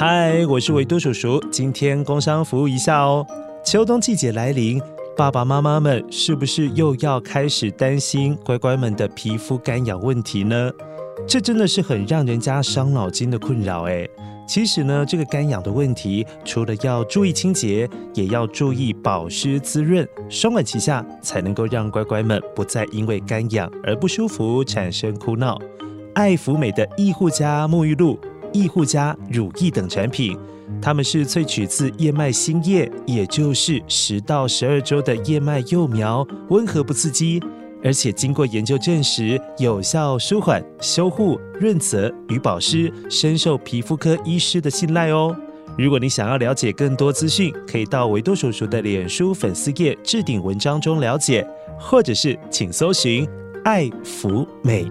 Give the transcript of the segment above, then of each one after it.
嗨，Hi, 我是維多叔叔，今天工商服務一下哦。秋冬季節來臨，爸爸媽媽們是不是又要開始擔心乖乖們的皮膚乾癢問題呢？這真的是很讓人家傷腦筋的困擾哎。其實呢，這個乾癢的問題，除了要注意清潔，也要注意保濕滋潤，雙管齊下，才能夠讓乖乖們不再因為乾癢而不舒服，產生哭鬧。艾芙美的益護佳沐浴露。益護佳、乳液等產品，它們是萃取自燕麥新葉，也就是十到十二周的燕麥幼苗，溫和不刺激，而且經過研究證實，有效舒緩、修護、潤澤與保濕，深受皮膚科醫師的信賴哦。如果你想要了解更多資訊，可以到維多叔叔的臉書粉絲頁置頂文章中了解，或者是請搜尋“艾芙美”。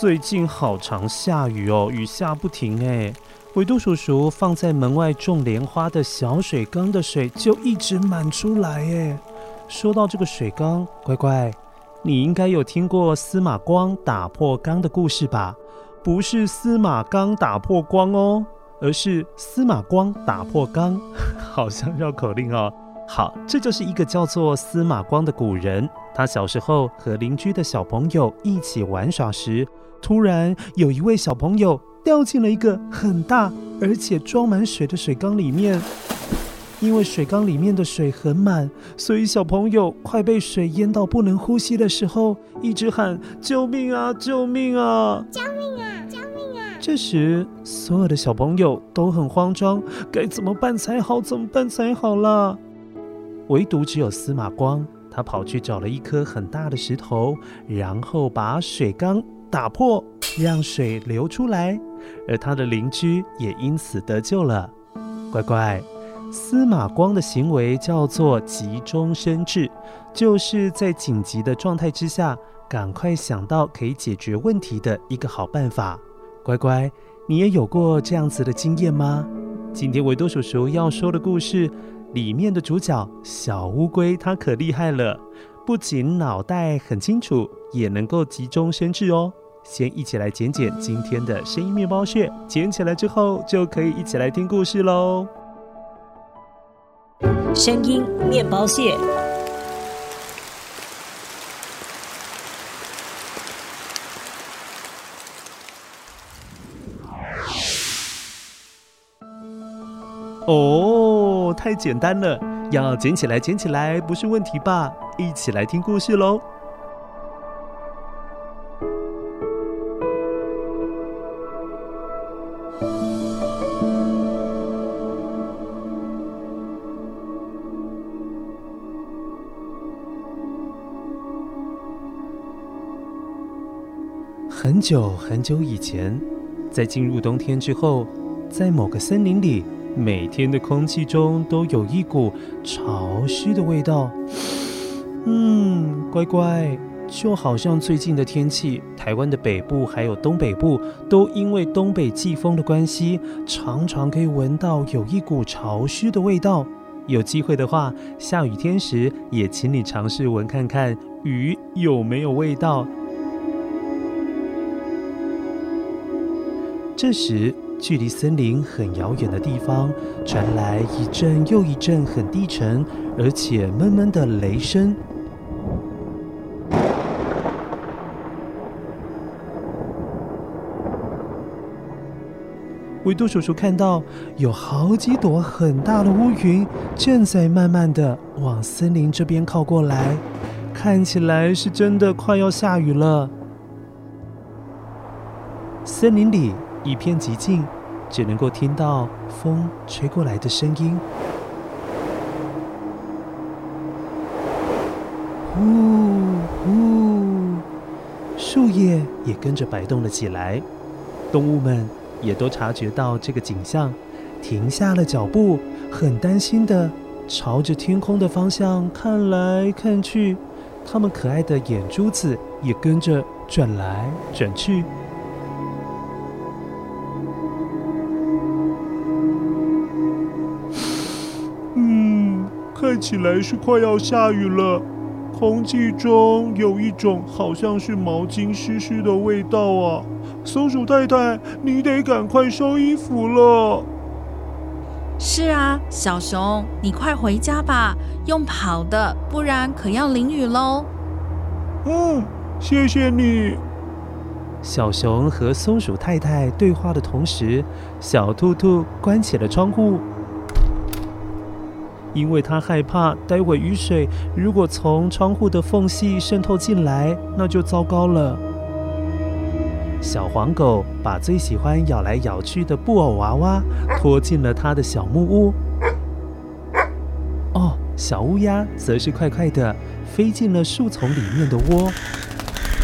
最近好常下雨哦，雨下不停哎。維多叔叔放在門外種蓮花的小水缸的水就一直滿出來哎。說到這個水缸，乖乖，你應該有聽過司馬光打破缸的故事吧？不是司馬缸打破光哦，而是司馬光打破缸， 好像繞口令哦。好，這就是一個叫做司馬光的古人，他小時候和鄰居的小朋友一起玩耍時，突然，有一位小朋友掉進了一個很大而且裝滿水的水缸裡面。因為水缸裡面的水很滿，所以小朋友快被水淹到不能呼吸的時候，一直喊：“救命啊！救命啊！救命啊！救命啊！”這時，所有的小朋友都很慌張，該怎麼辦才好？怎麼辦才好啦？唯獨只有司馬光，他跑去找了一顆很大的石頭，然後把水缸……打破，讓水流出來，而他的鄰居也因此得救了。乖乖，司馬光的行為叫做急中生智，就是在緊急的狀態之下，趕快想到可以解決問題的一個好辦法。乖乖，你也有過這樣子的經驗嗎？今天維多叔叔要說的故事裡面的主角小烏龜，它可厲害了。不僅腦袋很清楚，也能夠急中生智哦。先一起來撿撿今天的聲音麵包屑，撿起來之後就可以一起來聽故事嘍。聲音麵包屑。哦，太簡單了，要撿起來，撿起來不是問題吧？一起來聽故事嘍！很久很久以前，在進入冬天之後，在某個森林裡，每天的空氣中都有一股潮濕的味道。嗯，乖乖，就好像最近的天氣，台灣的北部還有東北部，都因為東北季風的關係，常常可以聞到有一股潮濕的味道。有機會的話，下雨天時也請你嘗試聞看看雨有沒有味道。這時，距離森林很遙遠的地方，傳來一陣又一陣很低沉而且悶悶的雷聲。維多叔叔看到有好幾朵很大的烏雲正在慢慢的往森林這邊靠過來，看起來是真的快要下雨了。森林裡一片寂靜，只能夠聽到風吹過來的聲音。嗚嗚，樹葉也跟着擺動了起來，動物們。也都察覺到這個景象，停下了腳步，很擔心的朝着天空的方向看來看去，他們可愛的眼珠子也跟着轉來轉去。嗯，看起來是快要下雨了，空氣中有一種好像是毛巾濕濕的味道啊。松鼠太太，你得趕快收衣服了。是啊，小熊，你快回家吧，用跑的，不然可要淋雨嘍。嗯、啊，謝謝你。小熊和松鼠太太對話的同時，小兔兔關起了窗戶，因為他害怕待會雨水如果從窗戶的縫隙滲透進來，那就糟糕了。小黃狗把最喜歡咬來咬去的布偶娃娃拖進了它的小木屋。哦，小烏鴉則是快快的飛進了樹叢裡面的窩，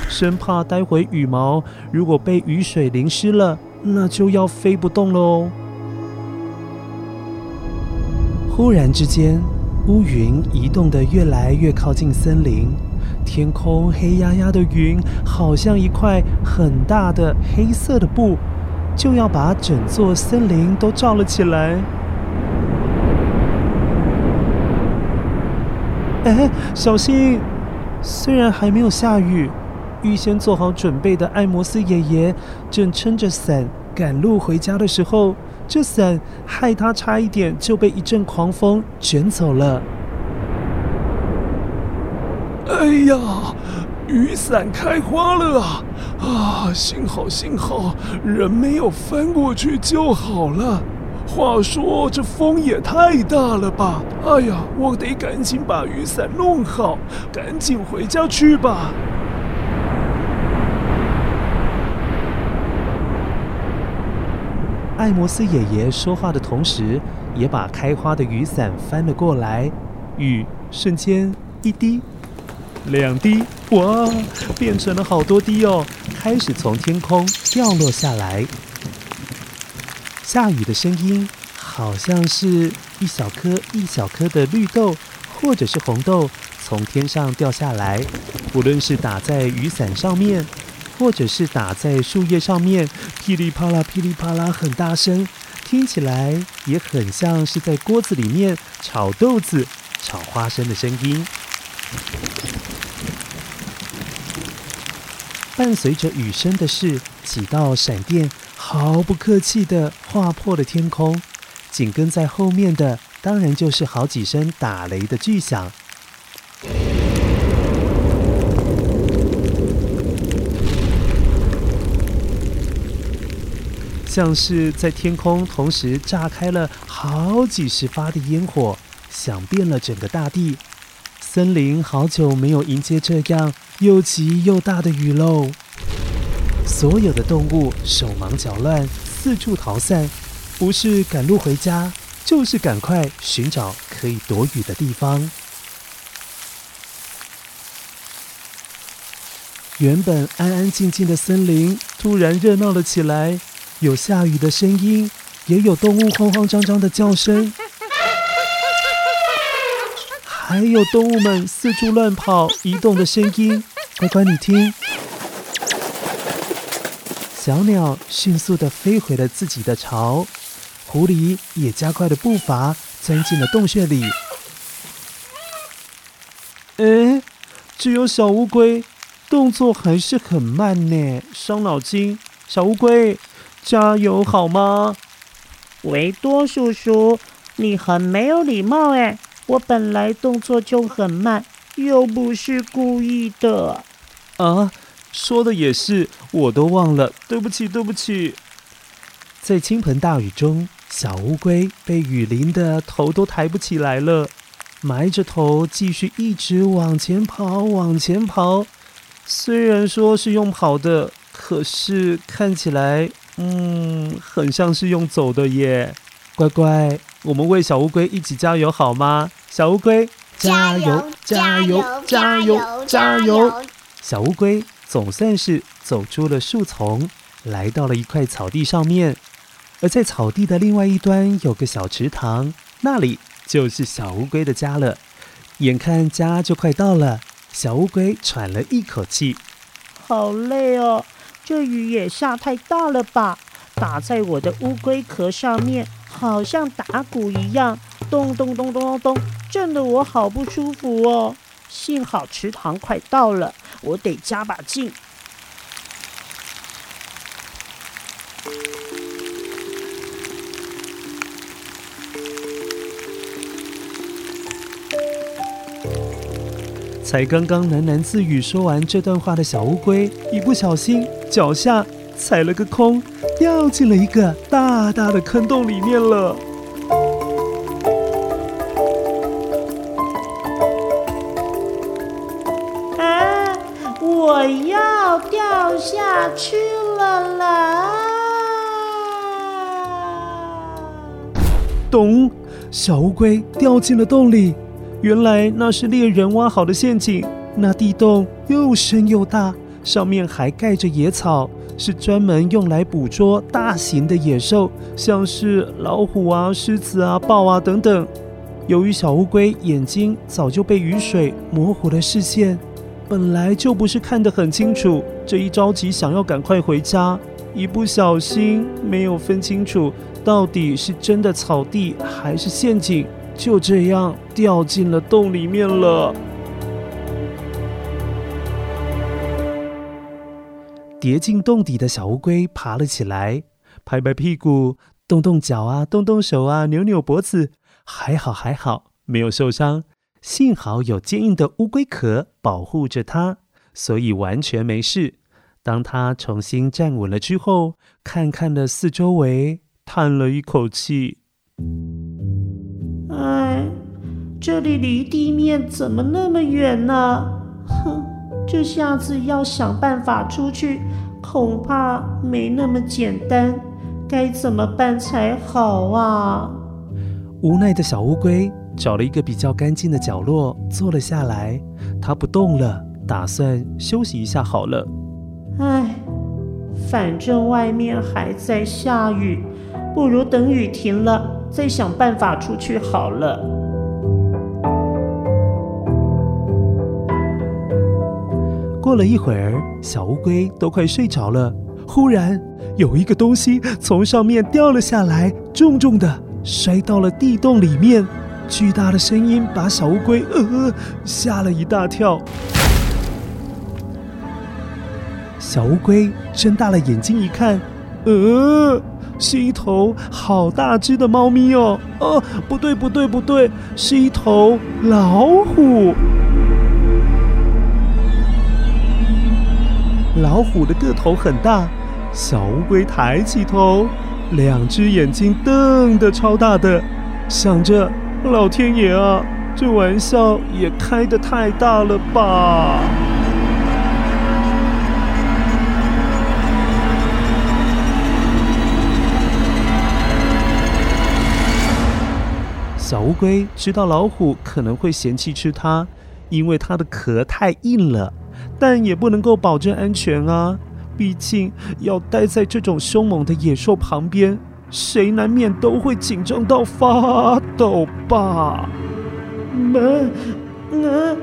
生怕待會羽毛如果被雨水淋濕了，那就要飛不動嘍。忽然之間，烏雲移動得越來越靠近森林。天空黑壓壓的雲，好像一塊很大的黑色的布，就要把整座森林都罩了起來。哎，小心！雖然還沒有下雨，預先做好準備的艾摩斯爺爺正撐着傘趕路回家的時候，這傘害他差一點就被一陣狂風捲走了。哎呀，雨傘開花了啊！啊，幸好幸好，人沒有翻過去就好了。話說，這風也太大了吧！哎呀，我得趕緊把雨傘弄好，趕緊回家去吧。艾摩斯爺爺說話的同時，也把開花的雨傘翻了過來，雨瞬間一滴，兩滴哇，變成了好多滴哦，開始從天空掉落下來。下雨的聲音好像是一小顆一小顆的綠豆，或者是紅豆從天上掉下來。不論是打在雨傘上面，或者是打在樹葉上面，噼里啪啦，噼里啪啦，很大聲，聽起來也很像是在鍋子裡面炒豆子、炒花生的聲音。伴隨着雨聲的是幾道閃電，毫不客氣的劃破了天空。緊跟在後面的，當然就是好幾聲打雷的巨響，像是在天空同時炸開了好幾十發的煙火，響遍了整個大地。森林好久沒有迎接這樣又急又大的雨嘍，所有的動物手忙腳亂，四處逃散，不是趕路回家，就是趕快尋找可以躲雨的地方。原本安安靜靜的森林突然熱鬧了起來，有下雨的聲音，也有動物慌慌張張的叫聲。還有動物們四處亂跑、移動的聲音，乖乖，你聽！小鳥迅速的飛回了自己的巢，狐狸也加快了步伐，鑽進了洞穴裡。誒，只有小烏龜動作還是很慢呢，傷腦筋。小烏龜，加油好嗎？維多叔叔，你很沒有禮貌誒。我本來動作就很慢，又不是故意的。啊，說的也是，我都忘了，對不起，對不起。在傾盆大雨中，小烏龜被雨淋得頭都抬不起來了，埋着頭繼續一直往前跑，往前跑。雖然說是用跑的，可是看起來，嗯，很像是用走的耶。乖乖，我們為小烏龜一起加油好嗎？小烏龜加油，加油，加油，加油！小烏龜總算是走出了樹叢，來到了一塊草地上面。而在草地的另外一端有個小池塘，那裡就是小烏龜的家了。眼看家就快到了，小烏龜喘了一口氣。好累哦，這雨也下太大了吧，打在我的烏龜殼上面。好像打鼓一樣，咚咚咚咚咚咚，震得我好不舒服哦。幸好池塘快到了，我得加把勁。才剛剛喃喃自語說完這段話的小烏龜，一不小心腳下踩了個空。掉進了一個大大的坑洞裡面了！啊，我要掉下去了啦！咚！小烏龜掉進了洞裡。原來那是獵人挖好的陷阱。那地洞又深又大，上面還蓋着野草。是專門用來捕捉大型的野獸，像是老虎啊、獅子啊、豹啊等等。由於小烏龜眼睛早就被雨水模糊了視線，本來就不是看得很清楚，這一着急想要趕快回家，一不小心沒有分清楚到底是真的草地還是陷阱，就這樣掉進了洞裡面了。跌進洞底的小烏龜爬了起來，拍拍屁股，動動腳啊，動動手啊，扭扭脖子。還好還好，沒有受傷。幸好有堅硬的烏龜殼保護着它，所以完全沒事。當它重新站穩了之後，看看了四周圍，嘆了一口氣：“唉，這裡離地面怎麼那麼遠呢？”這下子要想辦法出去，恐怕沒那麼簡單，該怎麼辦才好啊？無奈的小烏龜找了一個比較乾淨的角落坐了下來，它不動了，打算休息一下好了。唉，反正外面還在下雨，不如等雨停了再想辦法出去好了。過了一會兒，小烏龜都快睡着了。忽然，有一個東西從上面掉了下來，重重地摔到了地洞裡面。巨大的聲音把小烏龜呃嚇了一大跳。小烏龜睜大了眼睛一看，呃，是一頭好大只的貓咪哦。哦，呃，不對，不對，不對，是一頭老虎。老虎的個頭很大，小烏龜抬起頭，兩只眼睛瞪得超大的，的想着：老天爺啊，這玩笑也開得太大了吧！小烏龜知道老虎可能會嫌棄吃它，因為它的殼太硬了。但也不能夠保證安全啊！畢竟要待在這種兇猛的野獸旁邊，誰難免都會緊張到發抖吧？們、嗯，嗯，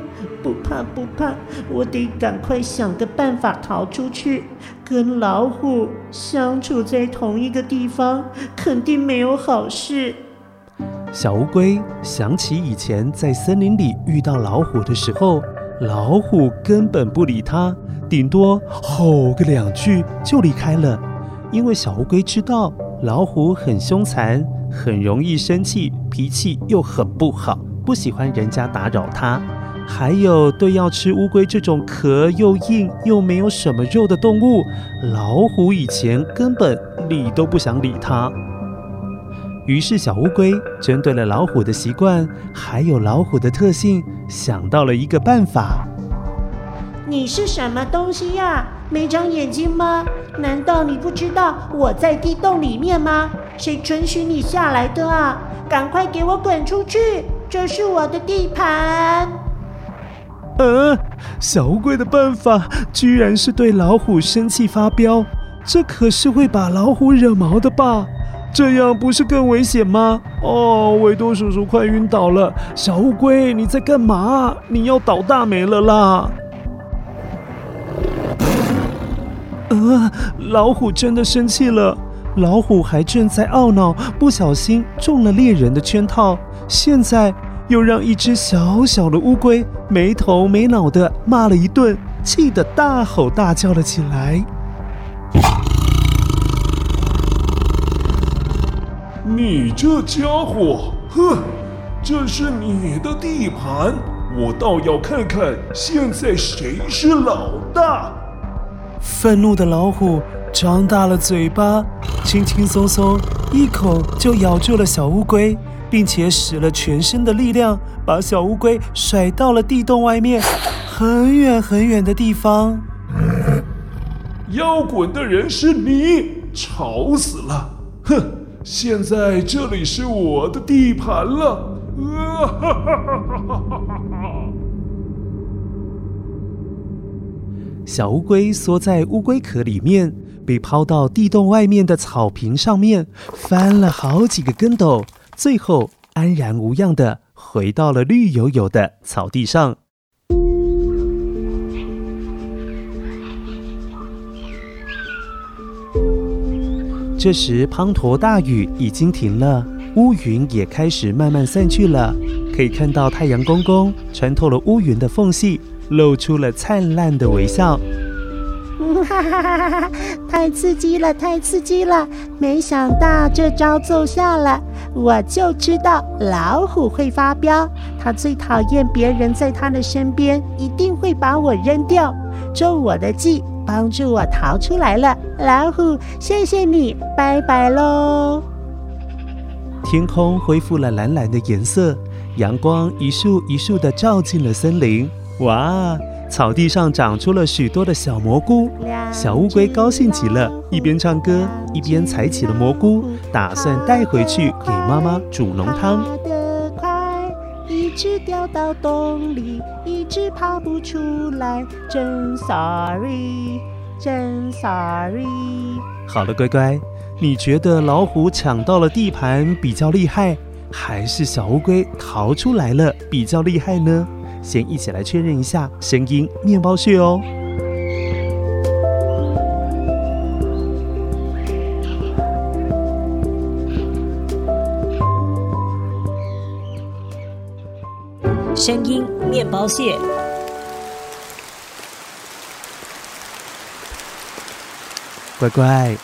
不怕不怕，我得趕快想個辦法逃出去。跟老虎相處在同一個地方，肯定沒有好事。小烏龜想起以前在森林裡遇到老虎的時候。老虎根本不理它，頂多吼個兩句就離開了。因為小烏龜知道老虎很兇殘，很容易生氣，脾氣又很不好，不喜歡人家打擾它。還有，對要吃烏龜這種殼又硬又沒有什麼肉的動物，老虎以前根本理都不想理它。於是，小烏龜針對了老虎的習慣，還有老虎的特性，想到了一個辦法。你是什麼東西呀？沒長眼睛嗎？難道你不知道我在地洞裡面嗎？誰准許你下來的啊？趕快給我滾出去！這是我的地盤。嗯，小烏龜的辦法居然是對老虎生氣發飆，這可是會把老虎惹毛的吧？這樣不是更危險嗎？哦，維多叔叔快暈倒了！小烏龜，你在幹嘛？你要倒大霉了啦！啊、呃，老虎真的生氣了。老虎還正在懊惱不小心中了獵人的圈套，現在又讓一只小小的烏龜沒頭沒腦的罵了一頓，氣得大吼大叫了起來。你這家伙，哼！這是你的地盤，我倒要看看現在誰是老大！憤怒的老虎張大了嘴巴，輕輕松鬆一口就咬住了小烏龜，並且使了全身的力量，把小烏龜甩到了地洞外面很遠很遠的地方。要滾的人是你，吵死了！哼！現在這裡是我的地盤了，呃，哈哈哈哈哈哈！小烏龜縮在烏龜殼裡面，被拋到地洞外面的草坪上面，翻了好幾個跟斗，最後安然無恙的回到了綠油油的草地上。這時，滂沱大雨已經停了，烏雲也開始慢慢散去了。可以看到太陽公公穿透了烏雲的縫隙，露出了燦爛的微笑。嗯，哈哈哈哈！太刺激了，太刺激了！沒想到這招奏效了，我就知道老虎會發飆，它最討厭別人在它的身邊，一定會把我扔掉。中我的計，幫助我逃出來了，老虎，謝謝你，拜拜嘍。天空恢復了藍藍的顏色，陽光一束一束的照進了森林。哇，草地上長出了許多的小蘑菇，小烏龜高興極了，一邊唱歌，一邊採起了蘑菇，打算帶回去給媽媽煮濃湯。一直掉到洞裡，一直爬不出來，真 sorry，真 sorry。好了，乖乖，你覺得老虎搶到了地盤比較厲害，還是小烏龜逃出來了比較厲害呢？先一起來確認一下聲音面包屑哦。聲音面包蟹，乖乖，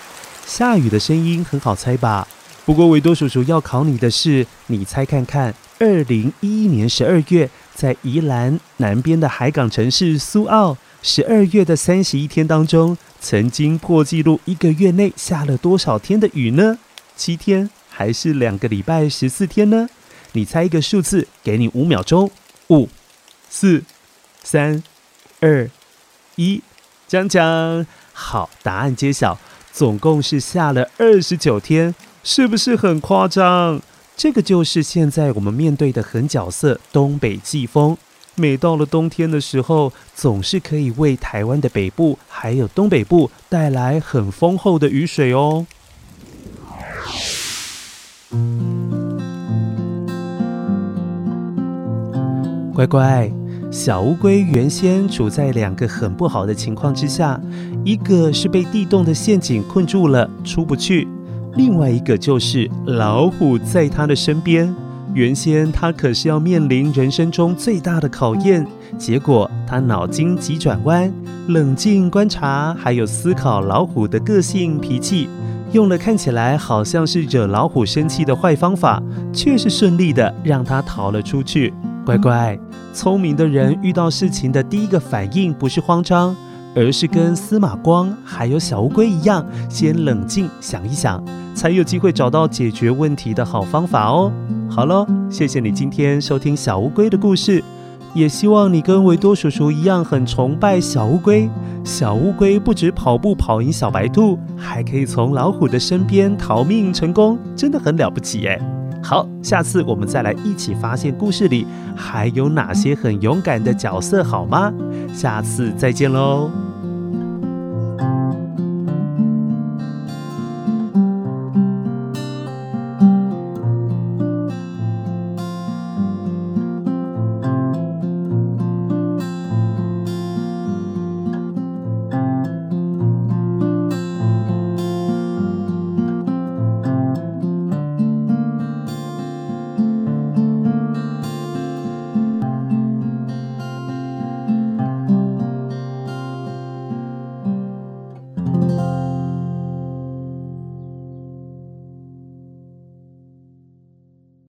下雨的聲音很好猜吧？不過維多叔叔要考你的是，你猜看看，二零一一年十二月在宜蘭南邊的海港城市蘇澳，十二月的三十一天當中，曾經破紀錄一個月內下了多少天的雨呢？七天還是兩個禮拜十四天呢？你猜一個數字，給你五秒鐘。五、四、三、二、一，講講。好，答案揭曉，總共是下了二十九天，是不是很誇張？這個就是現在我們面對的狠角色——東北季風。每到了冬天的時候，總是可以為台灣的北部還有東北部帶來很豐厚的雨水哦。嗯乖乖，小烏龜原先處在兩個很不好的情況之下，一個是被地洞的陷阱困住了，出不去；另外一個就是老虎在它的身邊。原先它可是要面臨人生中最大的考驗。結果它腦筋急轉彎，冷靜觀察，還有思考老虎的個性脾氣，用了看起來好像是惹老虎生氣的壞方法，卻是順利的讓它逃了出去。乖乖，聰明的人遇到事情的第一個反應不是慌張，而是跟司馬光還有小烏龜一樣，先冷靜想一想，才有機會找到解決問題的好方法哦。好了，謝謝你今天收聽小烏龜的故事，也希望你跟維多叔叔一樣很崇拜小烏龜。小烏龜不止跑步跑贏小白兔，還可以從老虎的身邊逃命成功，真的很了不起耶。好，下次我們再來一起發現故事裡還有哪些很勇敢的角色，好嗎？下次再見嘍！